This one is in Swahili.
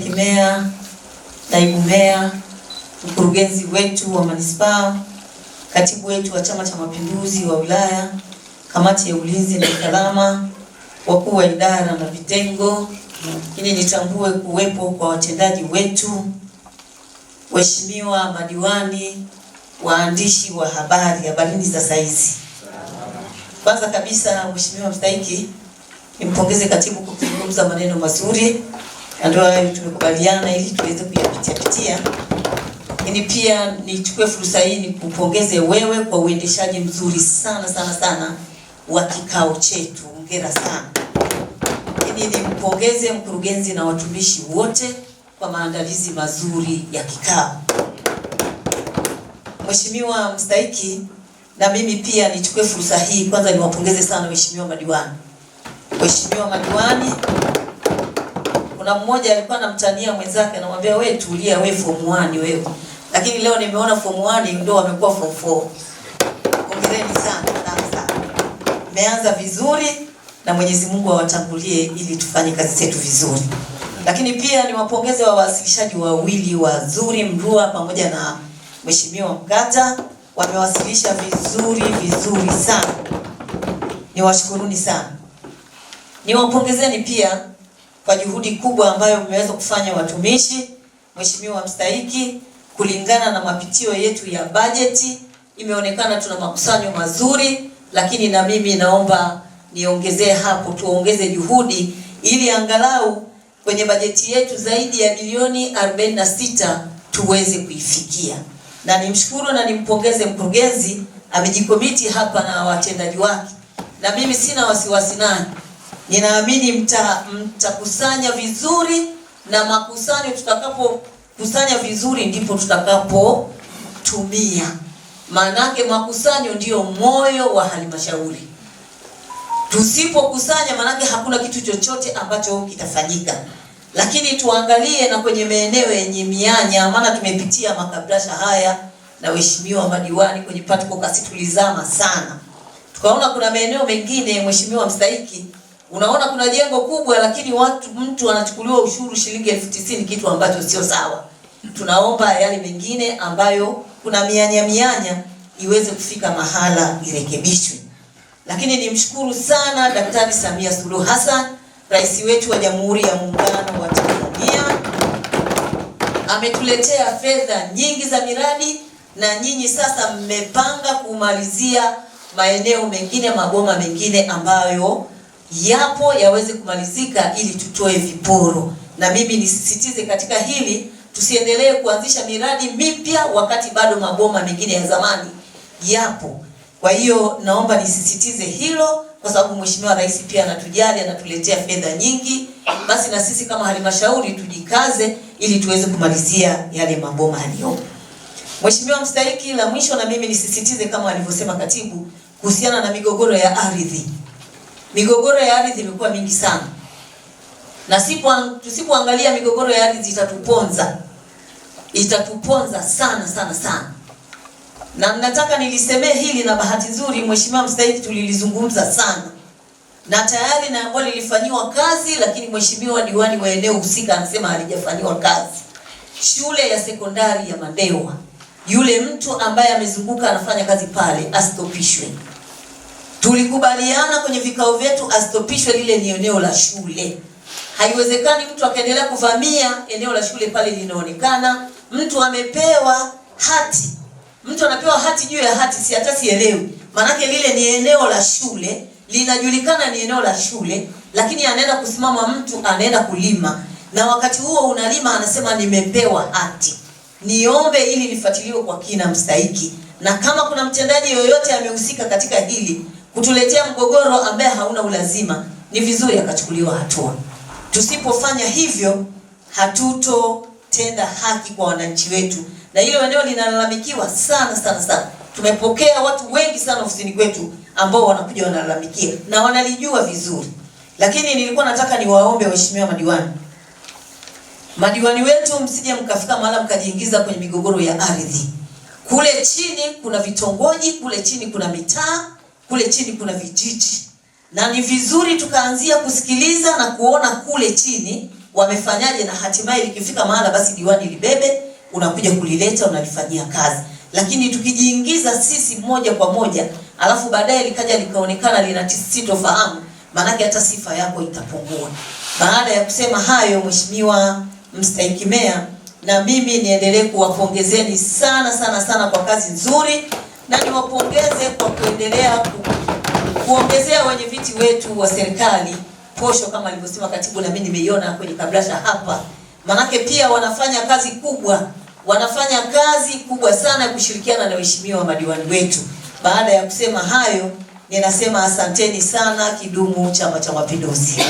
Kimea, naibu mea mkurugenzi wetu wa manispaa, katibu wetu wa Chama cha Mapinduzi wa wilaya, kamati ya ulinzi na usalama, wakuu wa idara na vitengo, ili nitambue kuwepo kwa watendaji wetu, waheshimiwa madiwani, waandishi wa habari, habarini za saizi. Kwanza kabisa, Mheshimiwa mstahiki, nimpongeze katibu kuzungumza maneno mazuri na tumekubaliana ili tuweze kuyapitia pitia. Lakini pia nichukue fursa hii nikupongeze wewe kwa uendeshaji mzuri sana sana sana wa kikao chetu, hongera sana. Lakini nimpongeze mkurugenzi na watumishi wote kwa maandalizi mazuri ya kikao. Mheshimiwa mstahiki, na mimi pia nichukue fursa hii kwanza niwapongeze sana waheshimiwa madiwani, waheshimiwa madiwani kuna mmoja alikuwa anamtania mwenzake, anamwambia wewe, tulia wewe, form 1 wewe. Lakini leo nimeona form 1 ndio wamekuwa form 4. Hongereni sana sasa. Mmeanza vizuri na Mwenyezi Mungu awatangulie ili tufanye kazi zetu vizuri. Lakini pia ni wapongeze wa wawasilishaji wawili wazuri, Mrua pamoja na Mheshimiwa Mgata wamewasilisha vizuri vizuri sana. Niwashukuruni sana. Niwapongezeni pia kwa juhudi kubwa ambayo mmeweza kufanya watumishi, Mheshimiwa Mstahiki, kulingana na mapitio yetu ya bajeti imeonekana tuna makusanyo mazuri, lakini na mimi naomba niongezee hapo, tuongeze juhudi ili angalau kwenye bajeti yetu zaidi ya bilioni 46 tuweze kuifikia. Na nimshukuru na nimpongeze mkurugenzi, amejikomiti hapa na watendaji wake, na mimi sina wasiwasi naye Ninaamini mtakusanya mta vizuri, na makusanyo tutakapokusanya vizuri ndipo tutakapotumia. Maanake makusanyo ndiyo moyo wa halmashauri. Tusipokusanya maanake hakuna kitu chochote ambacho kitafanyika. Lakini tuangalie na kwenye maeneo yenye mianya, maana tumepitia makabrasha haya na waheshimiwa madiwani kwenye patiko kasi, tulizama sana, tukaona kuna maeneo mengine, mheshimiwa mstahiki Unaona kuna jengo kubwa lakini watu mtu anachukuliwa ushuru shilingi elfu tisini kitu ambacho sio sawa. Tunaomba yale mengine ambayo kuna mianya mianya iweze kufika mahala irekebishwe. Lakini nimshukuru sana Daktari Samia Suluhu Hassan, rais wetu wa Jamhuri ya Muungano wa Tanzania. Ametuletea fedha nyingi za miradi na nyinyi sasa mmepanga kumalizia maeneo mengine, maboma mengine ambayo yapo yaweze kumalizika ili tutoe viporo. Na mimi nisisitize katika hili, tusiendelee kuanzisha miradi mipya wakati bado maboma mengine ya zamani yapo. Kwa hiyo naomba nisisitize hilo, kwa sababu Mheshimiwa Rais pia anatujali, anatuletea fedha nyingi, basi na sisi kama halmashauri tujikaze ili tuweze kumalizia yale maboma yaliyopo. Mheshimiwa Mstahiki, la mwisho na mimi nisisitize kama alivyosema katibu kuhusiana na migogoro ya ardhi. Migogoro ya ardhi imekuwa mingi sana, na tusipoangalia migogoro ya ardhi itatuponza, itatuponza sana sana sana. Na nataka nilisemee hili, na bahati nzuri mheshimiwa mstahiki tulilizungumza sana na tayari na ambalo lilifanyiwa kazi, lakini mheshimiwa diwani wa eneo husika anasema halijafanyiwa kazi. Shule ya sekondari ya Mandewa, yule mtu ambaye amezunguka anafanya kazi pale asitopishwe Tulikubaliana kwenye vikao vyetu asitopishwe, lile ni eneo la shule. Haiwezekani mtu akaendelea kuvamia eneo la shule pale linaonekana. Mtu amepewa hati, mtu anapewa hati juu ya hati, si hata sielewi. Maanake lile ni eneo la shule, linajulikana ni eneo la shule, lakini anaenda kusimama mtu anaenda kulima, na wakati huo unalima anasema nimepewa hati. Niombe ili nifuatiliwe kwa kina mstahiki, na kama kuna mtendaji yoyote amehusika katika hili kutuletea mgogoro ambaye hauna ulazima, ni vizuri akachukuliwa hatua. Tusipofanya hivyo, hatutotenda haki kwa wananchi wetu, na hilo eneo linalalamikiwa sana sana sana. Tumepokea watu wengi sana ofisini kwetu ambao wanakuja wanalalamikia na wanalijua vizuri, lakini nilikuwa nataka niwaombe waheshimiwa madiwani, madiwani wetu, msije mkafika mahala mkajiingiza kwenye migogoro ya ardhi. Kule chini kuna vitongoji, kule chini kuna mitaa kule chini kuna vijiji, na ni vizuri tukaanzia kusikiliza na kuona kule chini wamefanyaje, na hatimaye likifika mahala basi diwani libebe, unakuja kulileta, unalifanyia kazi. Lakini tukijiingiza sisi moja kwa moja, alafu baadaye likaja likaonekana lina sitofahamu, maanake hata sifa yako itapungua. Baada ya kusema hayo, mheshimiwa mstahiki meya, na mimi niendelee kuwapongezeni sana sana sana kwa kazi nzuri na niwapongeze kwa kuendelea kuongezea wenye viti wetu wa serikali posho kama alivyosema katibu, na mimi nimeiona kwenye kabrasha hapa, manake pia wanafanya kazi kubwa, wanafanya kazi kubwa sana ya kushirikiana na waheshimiwa madiwani wetu. Baada ya kusema hayo, ninasema asanteni sana. Kidumu Chama cha Mapinduzi!